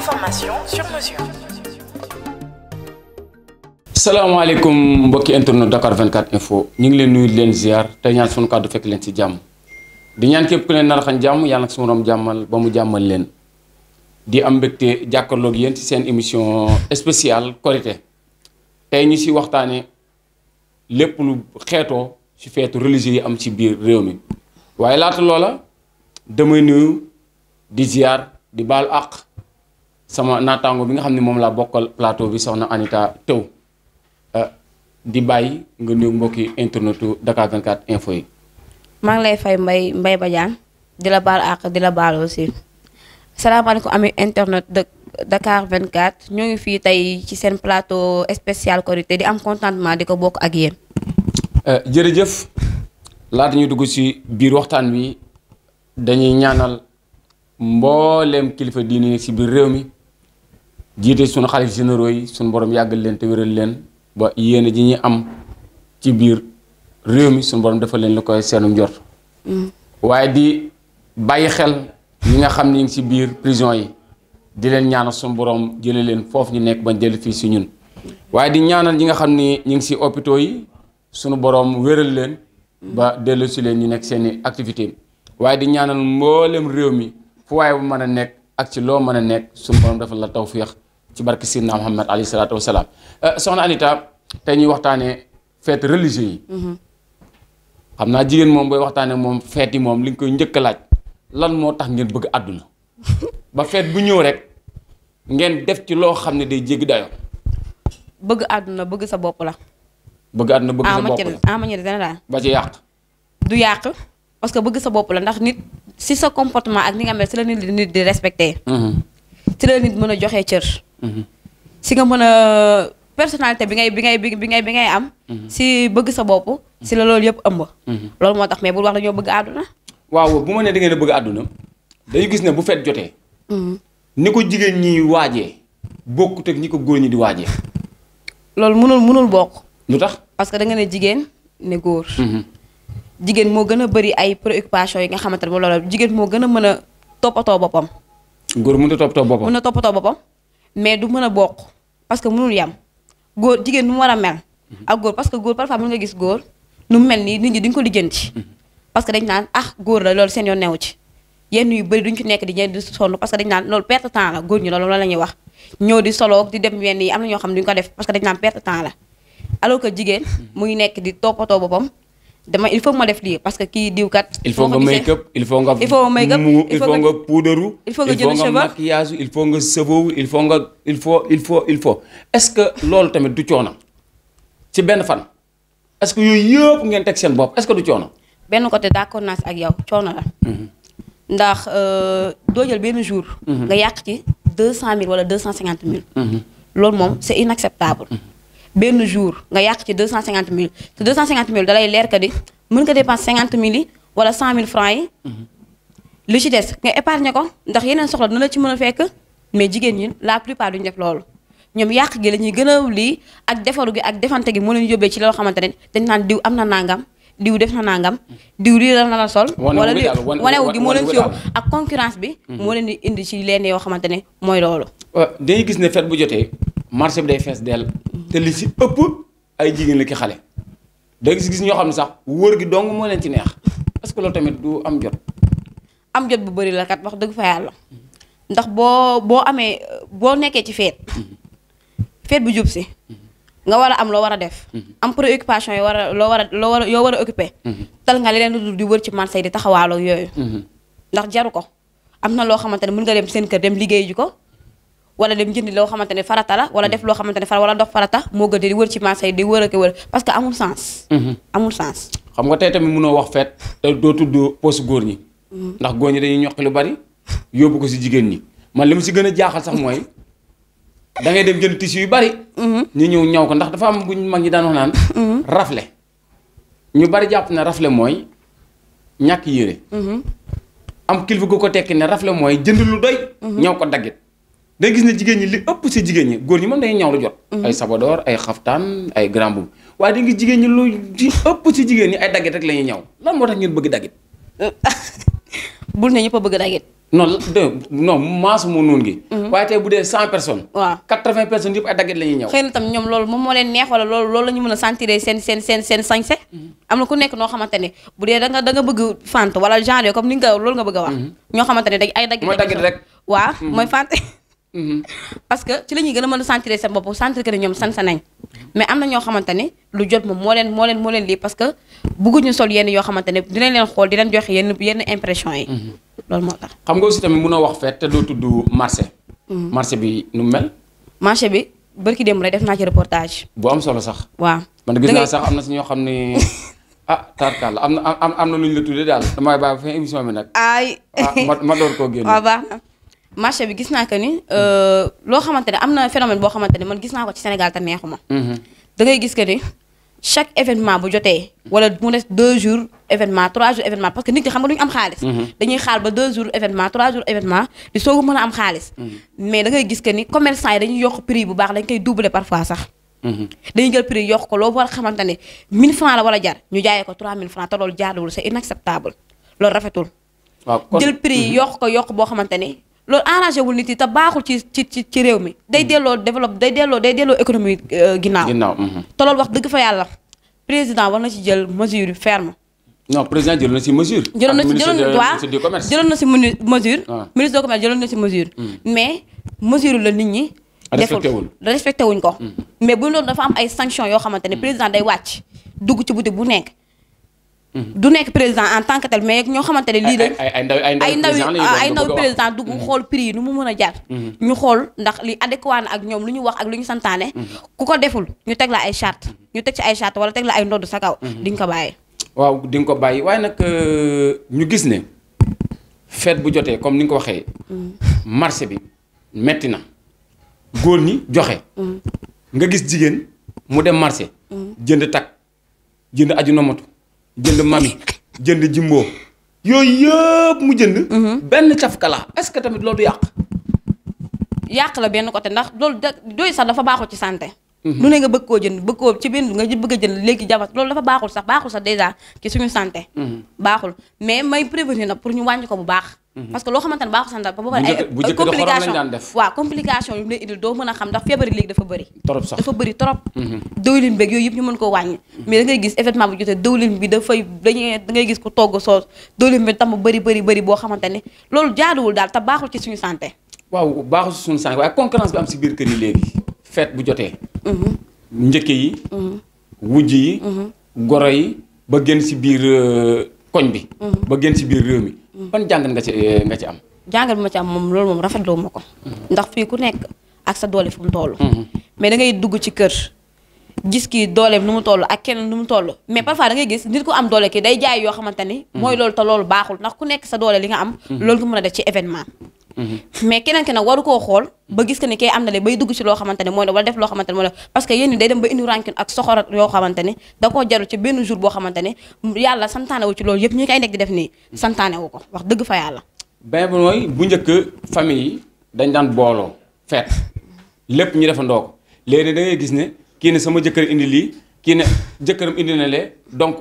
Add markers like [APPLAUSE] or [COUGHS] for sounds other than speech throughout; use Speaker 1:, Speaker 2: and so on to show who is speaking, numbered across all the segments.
Speaker 1: formation sur mesure. salaamaaleykum mbokki internet Dakar 24 info ñu ngi leen nuyu di leen ziar te ñaan sunu kàddu fekk leen ci jàmm di ñaan képp ku leen nar jàmm yàlla nag sunu rom jàmmal ba mu jàmmal leen di am mbégte jàkkaarloog yéen ci seen émission spéciale Korité tey ñu ci waxtaanee lépp lu xeetoo ci feetu religieux yi am ci biir réew mi waaye laata loola damay nuyu di ziar di baal àq. sama naataango bi nga xam ne moom laa bokkal plateau bi soxna Anita Thiaw euh, di bàyyi nga nuyu mbokki internetu Dakar 24 info yi.
Speaker 2: maa ngi lay fay mbay mbay Badiane di la baal àq di la baal aussi salaamaaleykum ami internet dakaar vingt 24 ñoo ngi fii tey ci seen plateau spécial Korité di am contentement di ko bokk ak yéen.
Speaker 1: Euh, jërëjëf laata ñu dugg ci biir waxtaan wi dañuy ñaanal mbooleem kilifa diini ci biir réew mi. jiite sunu xalif généraux yi sunu borom yàggal leen te wéral leen ba yéene ji ñuy am ci biir réew mi sunu borom defal leen li koy seenu njort mm. waaye di bàyyi xel ñi nga xam ne ñu ngi ci biir prison yi di leen ñaanal sunu borom jële leen foofu ñu nekk bañ dellu fii si ñun waaye di ñaanal ñi nga xam ni ñu ngi ci hôpitaux yi sunu borom wéral leen ba dellu si leen ñu nekk seeni activité waaye di ñaanal mboolem réew mi fu waaye bu mën a nekk ak ci loo mën a nekk sunu borom dafa la taw tawféex ci barke Sidna Muhammad alayhi salaatu wa salaam eh, soxna Anita tey ñuy waxtaanee fête religieux yi. Mhm. xam naa jigéen moom booy waxtaane moom feet yi moom li nga koy njëkk laaj lan moo tax ngeen bëgg àdduna [LAUGHS] ba fête bu ñëw rek ngeen def ci loo xam ne day jéggi dayoo.
Speaker 2: bëgg àdduna bëgg sa bopp la.
Speaker 1: bëgg àdduna bëgg sa bopp
Speaker 2: la en du yàq parce que bëgg sa bopp la ndax nit si sa comportement ak ni nga mel si la nit di respecté. Mhm. si la nit mën a joxe cër. si nga mën a personnalité bi ngay bi ngay bi ngay bi ngay am. Mhm. si bëgg sa bopp. si la loolu yëpp ëmb. Mhm. loolu moo tax mais bul wax dañoo bëgg àdduna.
Speaker 1: waaw bu ma nee da ngeen bëgg àdduna dañu gis ne bu fet jotee. Mhm. ni ko jigéen ñi waaje bokkut ñi ko góor ñi di waajee. loolu mënul mënul bokk. lu tax
Speaker 2: parce que da nga ne jigéen ne góor. jigéen moo gën a bari ay préoccupations yi nga xamante ne moom loolu jigéen moo gën a mën a toppatoo boppam.
Speaker 1: góor mënut a toppatoo boppam. mën na
Speaker 2: toppatoo boppam. mais du mën a boq parce que mënul yam góor jigéen nu mu war a mel. ak góor parce que góor parfois mën nga gis góor nu mu mel nii nit ñi duñ ko lijjanti. parce que dañ naan ah góor la loolu seen yoon newu ci yenn yu bëri duñ ci nekk di ñeent di sonn parce que dañ naan loolu perte temps la góor ñi loolu la ñuy wax. ñëw di soloog di dem yenn yi am na ñoo xam ne duñ ko def parce que dañ naan perte temps la alors que jigéen mu ngi nekk di toppatoo boppam dama il faut que ma def lii parce que kii diw kat. il faut nga make up
Speaker 1: il faut nga. il faut nga make up il faut nga puudaru. il faut nga jënd cheveux il faut nga maquillage il faut nga sëbowu il faut nga il faut il faut il faut est-ce que loolu tamit du coono ci benn fan est-ce que yooyu yëpp ngeen teg seen bopp est-ce que du coono.
Speaker 2: benn côté d'accord naa si ak yow coono la. Mhm. ndax euh, doo jël benn jour. Mhm. nga yàq ci deux cent mille wala deux cent cinquante mille. Mhm. loolu moom c'est inacceptable. benn jour nga yàq ci deux 000 te 250 000 da lay leer que di mën yi wala 100 000 francs yi. Mhm. li ci des nga épargner ko ndax yeneen soxla dina la ci mën a fekk mais jigéen ñi la plupart duñ def loolu. ñoom yàq gi la ñuy gën a lii ak defaru gi ak defante gi moo leen yóbbee ci loo xamante ne dañ naan diw am na nangam diw def na nangam mhm. diw lii la na la sol wala lii wanewu gi moo leen ci yóbbu ak concurrence bi mhm. moo leen di indi ci leen yoo xamante ne
Speaker 1: mooy loolu euh, dañuy gis ne fet bu jotee marché bi day fees dell te li si ëpp ay jigéen la ki xale da gis gis ñoo xam ne sax wóor gi dong moo leen ci neex parce que loolu tamit du am jot
Speaker 2: am jot bu bëri la kat wax dëgg fa yàlla ndax boo boo amee boo nekkee ci feet feet bu jub si nga war a am loo war a def am préoccupation yoo war a loo war a loo war a yoo war a occupé tal nga leneen lu dul di wër ci marché di taxawaaloo yooyu mhm. ndax jaru ko am na loo xamante ne mën nga dem seen kër dem liggéey ji ko wala dem jëndi loo xamante ne farata la wala def loo xamante ne farata wala dox farata moo gën di wër ci marché yi di wër wër parce que amul sens. Mhm. amul sens.
Speaker 1: xam nga tey tamit mënoo wax feet te doo tudd poche góor ñi. Mhm. ndax góor ñi dañuy ñoq lu bari yóbbu ko si jigéen ñi man li mu si gën a jaaxal sax mooy da ngay dem jënd tissu yu bari. Mhm. ñu ñëw ñaw ko ndax dafa am bu ñu mag ñi daan wax naan. rafle ñu bari jàpp na rafle mooy ñàkk yére am kilifa gu ko tekki ne rafle mooy jënd lu doy. ñaw ko daggit day gis ne jigéen ñi li ëpp si jigéen ñi góor ñi moom day ñaw lu jot. Mm-hmm. ay sabadoor ay xaftaan ay grand jigéen ñi lu ci ëpp si jigéen ñi ay daggit la ñuy ñaw lan moo tax bëgg daggit. [LAUGHS] bul ne ñëpp a bëgg daggit. non de non maas moo noonu gi. Mm-hmm. waaye tey bu dee cent personnes. waaw quatre-vingts personnes yëpp ay daggit la ñaw. xëy na
Speaker 2: tam ñoom loolu moom moo leen neex wala loolu loolu la ñu mën a sentir seen seen seen seen sañse. Mm-hmm. am na ku nekk noo xamante ne bu dee da nga nga bëgg fente wala genre comme ni nga loolu nga bëgg a wax. ñoo xamante ne dañ ay daggit. mooy daggit rek [LAUGHS] Mm-hmm. parce que ci la ñuy gën a mën a sentir seen bopp sentir que ne ñoom san sa nañ mais am na ñoo xamante ne lu jot moom moo leen moo leen moo leen lii parce que bëgguñu sol yenn yoo xamante ne dinañ leen xool di leen joxe yenn yenn impression yi.
Speaker 1: Mm-hmm. loolu moo tax. xam nga aussi tamit mënoo wax fête te doo tudd marché. Mm-hmm. bi nu mel.
Speaker 2: marché bi barki démb rek def naa ci reportage.
Speaker 1: bu am solo sax. waa man gis naa sax am na si ñoo xam ne [LAUGHS] ah tarkaal am na am na lu ñu la tuddee daal damay bàyyi ba fin émission bi nag. ay ah, ma ma door koo génn [LAUGHS]
Speaker 2: marché bi gis naa que ni euh, loo xamante ne am na phénomène boo xamante ne man gis naa ko ci Sénégal te neexu ma. Mm-hmm. da ngay gis que ni chaque événement bu jotee. wala mu des deux jours événement trois jours événement parce que nit ñi xam nga duñu am xaalis. Mm-hmm. dañuy ba deux jours événement trois jours événement mën a am xaalis. Mm-hmm. mais da gis que ni commerçant yi dañuy yokk prix bu baax dañ koy doubler parfois sax. dañuy jël prix yokk ko loo war a xamante ne 1000 francs la war a jar ñu jaayee ko 3000 francs te loolu jaaduwul c'est inacceptable loolu rafetul.
Speaker 1: waaw jël prix
Speaker 2: boo xamante ne. loolu arrangé wul nit yi te baaxul ci ci ci réew mi. day mm. delloo développe day delloo day delloo économie euh, ginnaaw. ginnaaw mm-hmm. te loolu wax dëgg fa yàlla président war na ci jël mesure yu ferme.
Speaker 1: non président jël na si mesure. jëloon na si jëloon du commerce jëloon na si mesure. Ah.
Speaker 2: ministre du commerce jëloon na si mesure. Mm. mais mesure la nit ñi. Ah, respecté wul respecté wuñ ko. Mm. mais bu ñu doon dafa am ay sanctions yoo xamante ne président day wàcc dugg ci butik bu nekk. du nekk président en tant que tel mais ñoo xamante ne lii la
Speaker 1: ay ndaw ay ndaw président dugg mm-hmm. xool
Speaker 2: prix yi nu mu mën a jaar mm-hmm. ñu xool ndax li adéquat na ak ñoom lu ñu wax ak lu ñu santaane mm-hmm. ku ko deful ñu teg la ay charte ñu teg ci ay charte wala teg la ay ndodd sa kaw di nga ko bàyyi
Speaker 1: waaw di nga ko bàyyi waaye nag euh, ñu gis ne fête bu jotee comme ni nga ko waxee marché bi metti na góor ñi joxe nga gis jigéen mu dem marché jënd takk jënd aju na moto jënd mami jënd jimbo yooyu yëpp mu jënd. Mhm. benn cafkala est-ce que tamit loolu du yàq.
Speaker 2: yàq la benn côté ndax loolu da doy sax dafa baaxul ci sante mhm. lu ne nga bëgg koo jënd bëgg ci benn nga bëgg a jënd léegi jabar loolu dafa baaxul sax baaxul sax déjà ci suñu sante mhm. baaxul mais may prévenir nag pour ñu wàññi ko bu baax. Mhm. parce que loo xamante ne baaxul santal ba ba pare ay complication waaw complication yu mu lay indil doo mën a xam ndax feebar yi léegi dafa bëri trop sax dafa bëri mhm. mhm. tam bëri bëri bëri boo xamante ne loolu jaaduwul daal te baaxul ci suñu santé
Speaker 1: waaw baaxul ci suñu santé waaye concurrence bi am si biir kër yi léegi fête bu jotee njëkke yi wujj yi goro yi ba gën si biir euh, koñ bi ba gën si biir réew mi ban jàngat nga ci eh, nga ci am.
Speaker 2: jàngat bi ma ci am moom loolu moom rafetloo ma ko. Mm-hmm. ndax fii ku nekk ak sa doole fu mu toll. Mm-hmm. mais da ngay dugg ci kër. gis kii doole nu mu toll ak kenn nu mu toll mais parfois da ngay gis nit ku am doole kii day jaay yoo xamante ni. Mm-hmm. mooy loolu te loolu baaxul ndax ku nekk sa doole li nga am. loolu nga mën a def ci événement. mais keneen ke nag waru koo xool ba gis que ne kay am na le bay dugg ci loo xamante ne mooy la wala def loo xamante ne mooy la parce que yéen ñi day dem ba indi rancune ak soxor yoo xamante ne da koo jarul ci benn jour boo xamante ne yàlla santaane wu ci loolu yëpp ñi kay nekk di def nii santaane wu ko wax dëgg fa yàlla
Speaker 1: benn mooy bu njëkk famille yi dañ daan booloo feet lépp ñu defandoo ko léegi da ngay gis ne kii ne sama jëkkër indi lii kii ne jëkkëram indi na lee donc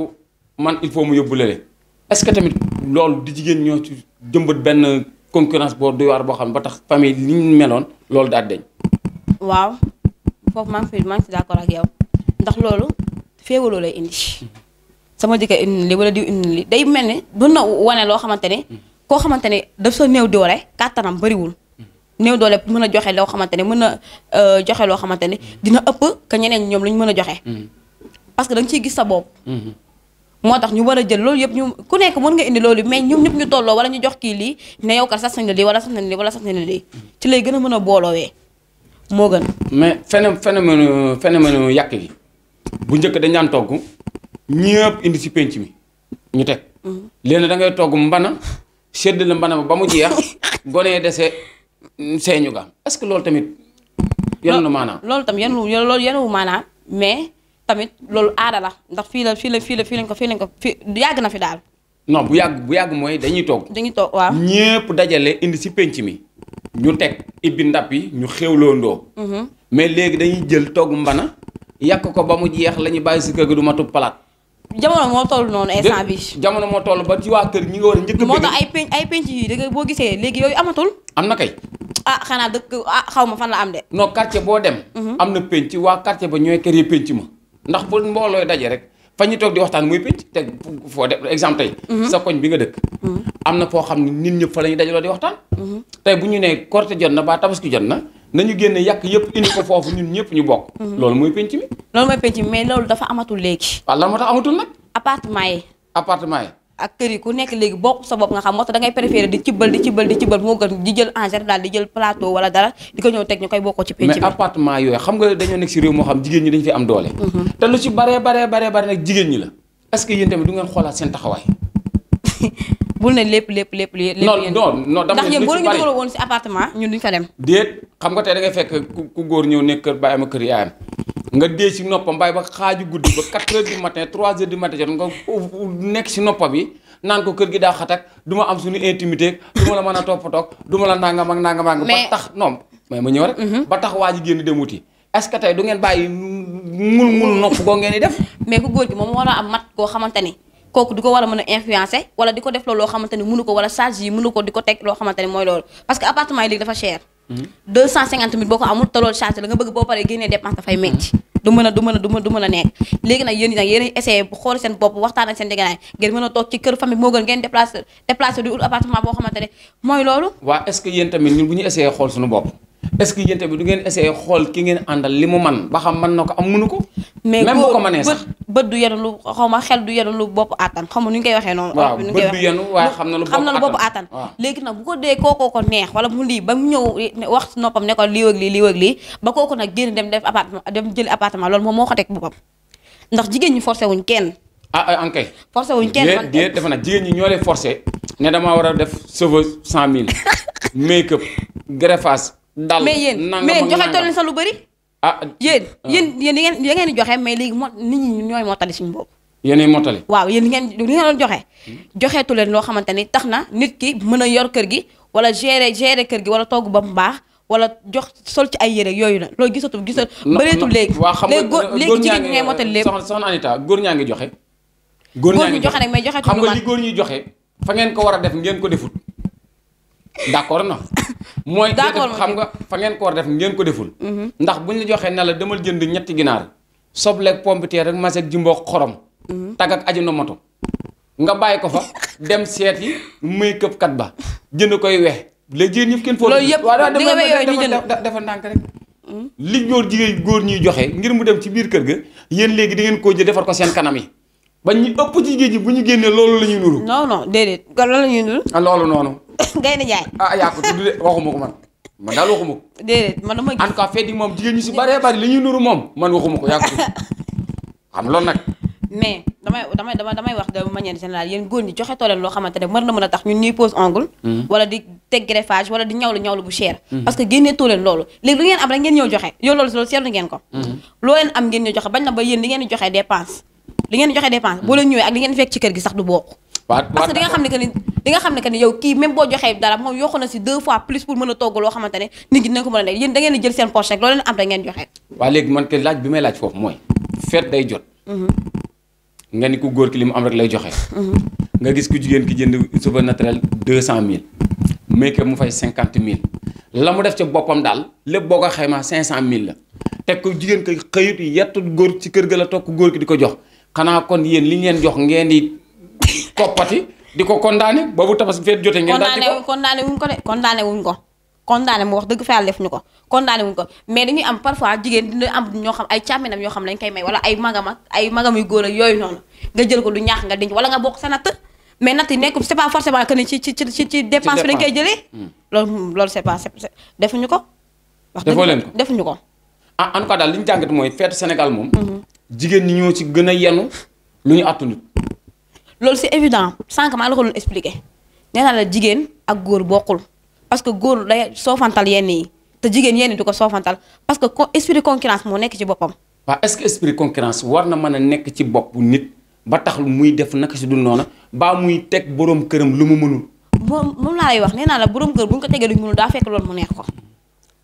Speaker 1: man il faut mu yóbbu lale est-ce que tamit loolu di jigéen ñoo ci jëmbat benn concurrence boo doy waar boo xam ne ba tax famille li ñu meloon loolu daal deñ
Speaker 2: waaw foofu maa ngi fi maa ngi ak yow ndax loolu féewaloo lay indi sama jëkkër indi li wala diw indi li day mel ni du na wane loo xamante ne koo xamante ne daf sa néew doole kàttanam bëriwul néew doole mën a joxe loo xamante ne mën a euh, joxe loo xamante ne dina ëpp que ñeneen ñoom lu ñu mën a joxe mm-hmm. parce que da gis sa bopp mm-hmm. moo tax ñu war a jël loolu yëpp ñu ku nekk mën nga indi loolu mais ñoom ñëpp ñu tolloo wala ñu jox kii lii ne yow kat sax nañ la lii wala sax nañ la lii ci lay gën a mën a booloowee moo gën.
Speaker 1: mais phénomène phénomène phénomène yàq gi bu njëkk dañ daan togg ñëpp indi si penc mi ñu teg. Mm-hmm. léegi da ngay togg mbana sedd la mbana ba mu jeex [LAUGHS] gone dese seeñu ga est-ce que loolu tamit. yenu na maanaam
Speaker 2: loolu tam yenu loolu yenu maanaam mais. tamit loolu aada la ndax fii la fii la fii la fii lañ ko fii lañ ko fii yàgg na fi daal.
Speaker 1: no bu yàgg bu yàgg mooy dañuy toog.
Speaker 2: dañuy toog waaw
Speaker 1: ñépp dajale indi si penc mi. ñu teg ibbi ndab yi ñu xéwloo ndoo. Mhm. mais léegi dañuy jël togg mbana. yàq ko ba mu jeex la ñuy bàyyi ci kër gi du matub palaat. jamono moo toll noonu instant bi jamono moo toll ba ci waa kër ñi nga war a njëkk a. moo tax ay
Speaker 2: penc ay penc yi dëgg boo gisee léegi yooyu amatul. am na kay. ah xanaa dëkk ah xaw ma fan la am de.
Speaker 1: non quartier boo dem. Mhm. am na penc waa quartier ba ñooy kër yi penc ma. ndax bu mboolooy daje rek fa ñu toog di waxtaan muy picc te foo def exemple tey mhm. sa koñ bi nga dëkk mhm. am na foo xam ne nit ñëpp fa la ñuy dajaloo di waxtaan mhm. tey bu ñu nee korte jot na ba tabaski jot na na ñu génne yàq yëpp indi ko foofu ñun ñëpp ñu bokk loolu mooy penc mi
Speaker 2: loolu mooy penc mi mais loolu dafa amatul léegi waaw lan moo tax amatul nag appartement yi appartement yi ak kër yi ku nekk léegi bokk sa bopp nga xam moo tax da ngay préféré di cibbal di cibbal di cibbal moo gën di jël en général di jël plateau wala dara di ko ñëw teg ñu koy bokkoo
Speaker 1: ci penc mais appartement yooyu xam nga dañoo nekk si réew moo xam mhm. jigéen ñi la est-ce que yéen tamit du ngeen xoolaat seen taxawaay
Speaker 2: [LAUGHS] bul ne lépp lépp lépp lépp non non non ndax yéen boo ñu dugal woon si appartement ñun duñ fa dem
Speaker 1: déet xam nga tey da ngay fekk ku góor ñëw nekk kër bàyyam kër yaayam nga dee si noppam bàyyi ba xaaju guddi ba 4 heures du matin 3 heures du matin si noppa bi naan ko kër gi daa xatak am suñu intimité du la mën a toppatoo du ma la nanga ak nangam ak. ba tax non mais ma ñëw rek. Mhm. ba tax waa ji génn dem wuti est ce que du ngeen bàyyi mul mul nopp goo ngeen di def. mais ku
Speaker 2: góor gi moom war a am mat koo xamante ni kooku di ko war a mën a influencer wala di ko def loolu loo xamante ni mënu ko wala loo xamante ni mooy loolu parce que appartement yi léegi dafa deux cent cinquante mille boo ko amul te loolu la nga bëgg boo paree génnee dépense dafay metti du mën a du mën a du mën du mën a nekk léegi nag yéen nag yéen essayé xool seen bopp waxtaan ak seen jegenaay ngeen mën a toog ci kër famille moo gën ngeen déplacé déplacé du appartement boo xamante ne
Speaker 1: mooy loolu waaw est-ce tamit ñun bu ñu essayé xool suñu bopp est-ce que yéen tamit du ngeen essayer xool ki ngeen àndal li mu man ba xam man na ko am mënu ko.
Speaker 2: même bu ko mënee sax
Speaker 1: bët du yenu lu
Speaker 2: xel du yenu lu bopp attan xaw ma nu koy waxee noonu. waaw bët du yenu waaye xam na lu na lu bopp attan. léegi ko dee wala mu lii ba mu ñëw ne ko lii wëg lii lii wëg lii ba kooku nag dem def appartement dem jëli appartement loolu moom moo ko teg boppam jigéen ñi forcé wuñ kenn. Ah, ah en kay. forcé wuñ kenn
Speaker 1: man de ñi ñoo forcé ne damaa war a def cheveux cent mille [LAUGHS] make up greffage dal mais yéen mais joxe toll sa lu bëri. ah yéen ah. yéen
Speaker 2: yéen di ngeen di joxe mais léegi moo nit ñi ñooy mottali suñu bopp.
Speaker 1: yéenay yi
Speaker 2: waaw yéen li ngeen li ngeen doon joxe. Hmm. joxeetu leen loo xamante ni tax na nit ki mën a yor kër gi wala gérer gérer kër gi wala togg ba mu baax wala jox sol ci ay
Speaker 1: yére yooyu la loolu gisatu gisatu. bëreetul léegi waaw xam nga góor léegi jigéen ñi ngay mottali lépp. soxna soxna Anita góor ñaa ngi joxe. góor ñaa ngi joxe nag mais joxeetu xam nga li góor ñuy joxe fa ngeen ko war a def ngeen ko defut d'accord na mooy déedéet xam nga fa ngeen ko def ngeen ko deful mhm. ndax buñ la joxee ne demal jënd ñetti ginaar sobleeg pompiteer rek maseeg jumboog xorom mhm. tag ak aju na moto bàyyi ko fa dem seet yi muy këpp kat ba jënd koy wex léegi jigéen ñëpp kenn foofu loolu yëpp li nga wey yooyu ñu jënd dafa ndànk rek mhm. li góor jigéen góor ñuy joxe ngir mu dem ci biir kër ga yéen léegi da ngeen koo jël defar ko seen kanam yi ba ñu ëpp ci jigéen ñi bu ñu génnee loolu la ñuy nuru non non déedéet loolu la nuru ah, loolu noonu [COUGHS] Gaynde Njaay. ah yaa ko tudd de waxuma ko man man daal waxuma ko. déedéet man moom jigéen ñi si bëree bëri li ñuy nuru [LAUGHS]
Speaker 2: damay loo xamante ne mën na mën a tax ñun ñuy pose ongle. Hmm. wala di teg greffage wala di ñawlu ñawlu bu cher. Hmm. parce que génnee tooleen ngeen am rek ngeen ñëw joxe yow loolu loolu ngeen ko. Hmm. loo am ngeen ñëw joxe bañ na ba yéen li ngeen di joxe dépense. li ngeen di joxe dépense boo leen ñëwee ak li ngeen fekk ci kër gi sax du bokk
Speaker 1: parce que di xam
Speaker 2: ne que ni di nga xam ne que ni yow kii même boo joxee dara moom yokku na si deux fois plus pour mën a togg loo xamante ne nit ñi dinañ ko mën a lekk yéen da ngeen di jël seen poche rek loolu leen
Speaker 1: am day jot mhm. nga ni ku góor ki li mu am rek lay joxe mhm. nga gis ku jigéen ki jënd cheveux naturel deux cent mille make-up mu fay cinquante mille la mu def ca boppam daal lépp boo ko xaymaa cinq cent mille la teg ko jigéen ko xëyut yettut góor ci kër ga la toog góor ki di ko jox xanaa kon yéen li ngeen jox ngeen di koppati di ko condamné boobu tabaski feet jotee. ngeen daal di ko
Speaker 2: condamné wuñ ko de condamné wuñ ko. condamné mu ko condamné wuñ ko mais dañuy am parfois jigéen dina am ñoo xam ay yoo xam dañ koy may wala ay ay magam yu góor ak yooyu noonu nga jël ko du ñaax nga denc wala nga bokk sa natt mais natt yi nekkul c'est pas forcément que ni ci ci ci ci dépense hmm. ko. wax dëgg defoo
Speaker 1: ah, li ñu jàngat mooy feetu Sénégal moom. Mhm. jigéen ñi ñoo ci gën a yenu lu ñu àttunut
Speaker 2: loolu c'est évident sànq maa la ko doon expliqué nee la jigéen ak góor bokkul parce que góor day soofantal yenn yi te jigéen yenn yi du ko soofantal parce que co esprit concurrence moo nekk ci boppam.
Speaker 1: waaw est-ce que esprit concurrence war na mën a nekk ci bopp nit ba tax muy def naka si du noonu baa muy teg boroom këram lu mu mënul.
Speaker 2: moom moom laa lay wax nee naa la boroom kër bu ñu ko tegee lu mu mënul daa fekk loolu mu neex ko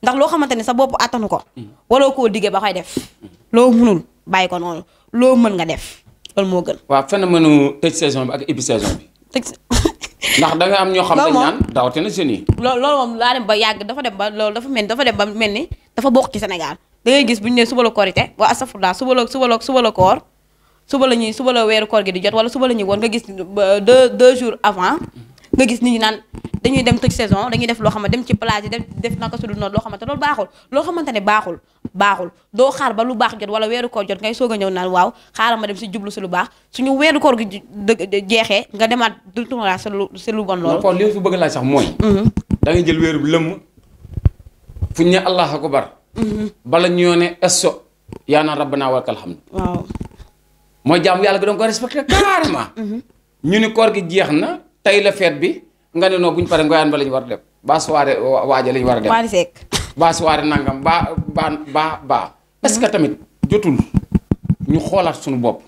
Speaker 2: ndax loo xamante ni sa bopp attanu ko. Mm. waroo koo diggee ba koy def. Mm. loo mënul bàyyi ko noonu loo mën nga def.
Speaker 1: loolu moo gën. waaw phénomène tëj saison bi ak ibbi saison bi. [LAUGHS] ndax da am ñoo xam dañ naan dawatina jeunes yi.
Speaker 2: loolu loolu moom laa dem ba yàgg dafa dem ba loolu dafa mel ni dafa dem ba mel ni dafa bokk ci Sénégal da ngay gis bu ñu nee suba la korité waa asafurlaa suba la suba la suba la suba la ñuy suba la weeru koor gi di jot wala suba la ñuy woon nga gis deux deux jours avant. nga gis nit ñi naan dañuy dem tëj saison dañuy def loo xam ne dem ci plage def def naka su dul noonu loo xamante loolu baaxul loo xamante ne baaxul baaxul doo xaar ba lu baax jot wala weeru koor jot ngay soog a ñëw naan waaw xaaral ma dem si jublu si lu baax suñu weeru koor gi jeexee nga demaat du tourner si lu si lu bon loolu. kon li
Speaker 1: fi bëgg laaj sax mooy. Mm-hmm. da ngay jël weeru lëmm fu ñu ne allah akbar mm-hmm. bala ñoo ne esso yaa naan rabbana wa lakal hamd. waaw. mooy jàmm yàlla gi doon ko respecté carrément. Mm-hmm. ñu ni koor gi jeex na. tey la fête bi nga ne noo bu ñu paree ngoyaan ba la ñu war a dem baa soirée waaja la ñu war a dem ba soirée nangam ba ba ba baa est-ce que tamit jotul ñu xoolaat suñu bopp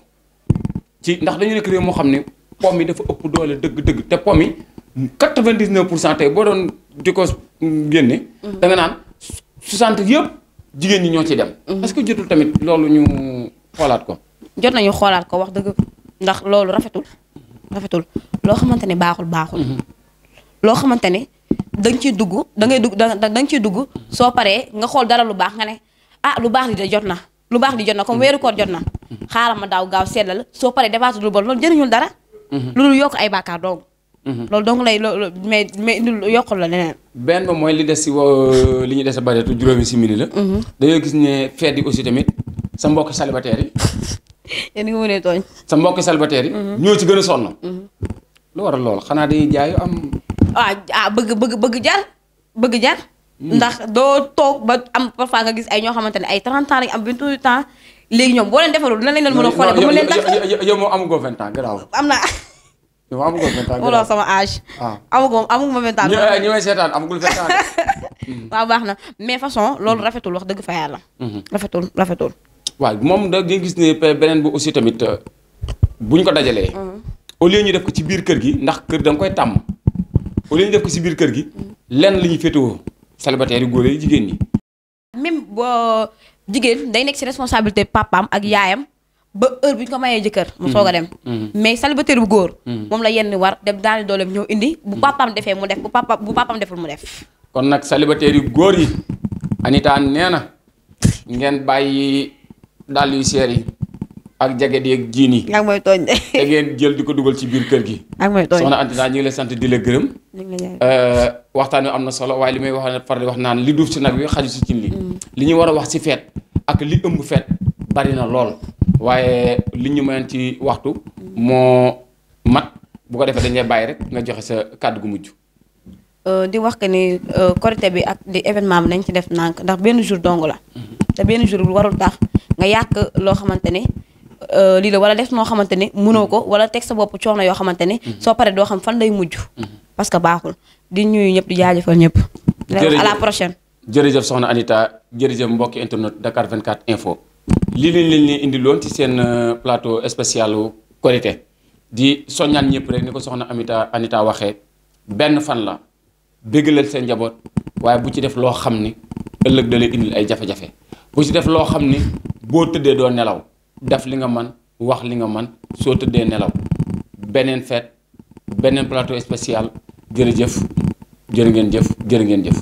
Speaker 1: ci ndax dañu nekk réew moo xam ne pom yi dafa ëpp doole dëgg-dëgg te pom yi 99 pour cent tey boo doon di ko génne. Mm-hmm. da nga naan 60 yëpp jigéen ñi ñoo ci dem. Mm-hmm. est que jotul tamit loolu ñu xoolaat ko.
Speaker 2: jot nañu xoolaat ko wax dëgg ndax loolu rafetul. rafetul loo xamante ne baaxul baaxul. Mhm. loo xamante ni da nga dugg da ngay dugg da nga ciy dugg soo paree nga xool dara lu baax nga ne ah lu baax li de jot na lu baax di jot na comme weeru koor jot na. Mhm. xaaral ma daaw gaaw seddal soo paree defaatu lu bon loolu jëriñul dara. Mhm. loolu yokk ay bàkkaar dong. loolu dong lay loo mais mais yokkul la leneen.
Speaker 1: benn ba mooy li des si li ñu des a bëreetu juróomi simili la. dañoo gis ne fête yi aussi tamit sa mbokk célibataire [LAUGHS]
Speaker 2: yéen nga mënee tooñ.
Speaker 1: sa mbokki salbateer yi. Mhm. ñoo ci gën a sonn. Mhm. lu waral lool xanaa day jaayu am.
Speaker 2: ah ah bëgg bëgg bëgg jar bëgg jar. Hmm. ndax doo toog ba am parfois nga gis ay ñoo xamante ne ay 30 ans am 28 ans léegi ñoom boo leen defarul dina leen leen mën a xoolee. ba mu leen
Speaker 1: takk yow moom amagoo 20 ans am na. yow amagoo 20 ans garaawul sama âge. waaw ah.
Speaker 2: amagoo amaguma 20 ans. ñu eh, ñu
Speaker 1: may seetaan amagul 20 ans. [LAUGHS]
Speaker 2: Hmm. waaw baax na mais façon loolu hmm. rafetul wax dëgg fa yàlla.
Speaker 1: rafetul rafetul. waaw moom da nga gis ne beneen bu aussi tamit euh, bu ñu ko dajalee. Mm. au lieu ñu def ko ci biir kër gi ndax kër da nga koy tàmm. au lieu def ko ci biir kër gi. Mm. lenn li ñu féetewoo célibataire góor jigéen ñi.
Speaker 2: même boo jigéen day nekk ci responsabilité papaam ak yaayam. ba heure bu ñu ko mayee jëkkër mu mm. soog a dem mais célibataire bu góor moom la yenn war dem daani dooleem ñëw indi bu papaam defee mu def bu papa bu papaam deful mu def
Speaker 1: kon nag célibataire yu góor yi Anita nee na ngeen bàyyi dàll yu seer yi ak jaget yeeg jiin yi. ak mooy tooñ de. [LAUGHS] da jël di ko dugal ci biir kër gi. ak mooy tooñ soxna Anta daal ñu ngi lay sant di la gërëm. Euh, waxtaan wi am na solo waaye li may wax faral di wax naan li duuf si nag wi xaju si cin li. Mm. li ñu war a wax si feet ak li ëmb feet bari na lool waaye li ñu mayoon ci waxtu mm. moo mat bu ko defee dañ bàyyi rek nga joxe sa kàddu gu mujj.
Speaker 2: Euh, di wax que ni euh, korité bi ak di événement bi nañ ci def nànk ndax benn jour dong la. Mm-hmm. te benn nga yàq loo xamante ne euh, lii la wala def noo xamante ne mënoo ko wala teg sa bopp coono yoo xamante ne mhm. soo paree doo xam fan lay mujj mhm. parce que baaxul di ñuy ñëpp di jaajëfal ñëpp
Speaker 1: à la jërëjëf soxna Anita jërëjëf mbokki internet Dakar 24 info lii leen leen ni indi lool ci seen euh, plateau spécial Korité di soññaan ñëpp rek ni ko soxna Amita Anita waxee benn fan la béggalal seen njaboot waaye bu ci def loo xam ni ëllëg da indi indil ay jafe-jafe bu ci def loo xam ni boo tëddee doo nelaw def li nga man wax li nga man soo tëddee nelaw beneen fête beneen plateau spécial jërëjëf jërë ngeen jëf jërë ngeen jëf